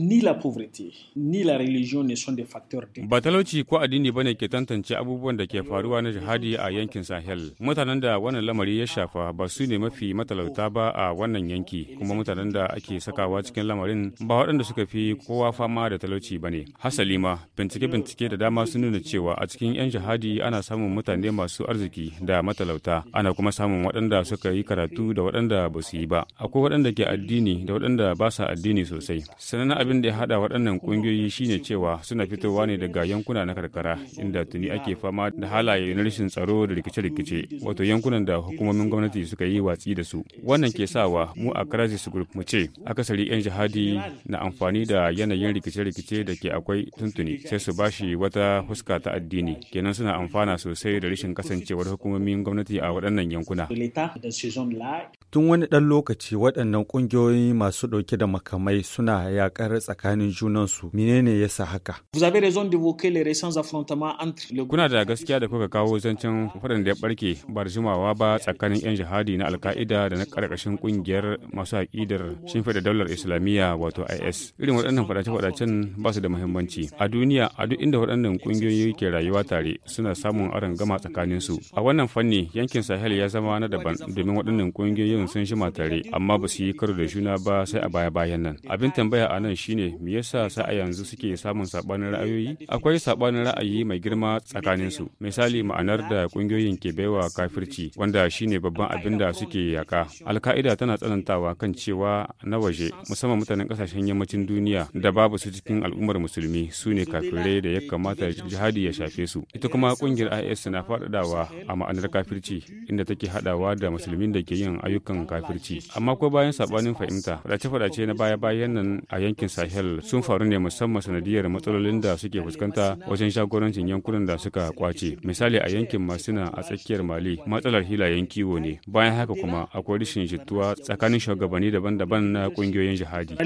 Ni la pauvreté, ni la religion ne sont des facteurs de... Ba talauci ko addini bane ke tantance abubuwan da ke faruwa na jihadi a yankin Sahel. Mutanen da wannan lamari ya shafa ba su ne mafi matalauta ba a wannan yanki, kuma mutanen da ake sakawa cikin lamarin ba waɗanda suka fi kowa fama da talauci ba ne. Hasali ma, bincike-bincike da dama sun nuna cewa a cikin 'yan jihadi ana samun mutane masu arziki da matalauta, ana kuma samun waɗanda suka yi karatu da waɗanda ba su yi ba. Akwai waɗanda ke addini da waɗanda ba sa addini sosai. sanana abin da ya hada waɗannan ƙungiyoyi shine cewa suna fitowa ne daga yankuna na karkara inda tuni ake fama da halaye na rashin tsaro da rikice-rikice wato yankunan da hukumomin gwamnati suka yi watsi da su. Wannan ke sawa mu a Crisis Group mu ce akasari 'yan jihadi na amfani da yanayin rikice-rikice da ke akwai tuntuni sai su bashi wata fuska ta addini kenan suna amfana sosai da rashin kasancewar hukumomin gwamnati a waɗannan yankuna. Tun wani ɗan lokaci waɗannan ƙungiyoyi masu ɗauke da makamai suna yaƙar tsakanin junansu. Menene ya sa haka? Kuna da gaskiya da kuka kawo zancen waɗanda ya ɓarke ba da jimawa ba tsakanin 'yan jihadi na alka'ida da na ƙarƙashin ƙungiyar masu aƙidar da daular Islamiyya wato IS. Irin waɗannan faɗace-faɗacen ba su da muhimmanci. A duniya a duk inda waɗannan ƙungiyoyi ke rayuwa tare suna samun gama tsakaninsu. A wannan fanni yankin Sahel ya zama na daban domin waɗannan ƙungiyoyin sojojin sun shima tare amma ba su yi karo da juna ba sai a baya-bayan nan. Abin tambaya a nan shine me yasa sa a yanzu suke samun sabanin ra'ayoyi? Akwai sabanin ra'ayi mai girma tsakanin su. Misali ma'anar da kungiyoyin ke baiwa kafirci wanda shine babban abin da suke yaka. Alka'ida tana tsanantawa kan cewa na waje musamman mutanen kasashen yammacin duniya da babu su cikin al'ummar musulmi su ne kafirai da ya kamata jihadi ya shafe su. Ita kuma kungiyar IS na faɗaɗawa a ma'anar kafirci inda take haɗawa da musulmin da ke yin ayyukan kan kafirci amma kuma bayan sabanin fahimta fadace-fadace na baya-bayan nan a yankin sahel sun faru ne musamman sanadiyar matsalolin da suke fuskanta wajen shagorancin yankunan da suka kwace misali a yankin masina a tsakiyar mali matsalar hilayen kiwo ne bayan haka kuma akwai rashin jituwa tsakanin shugabanni daban-daban na kungiyoyin jihadi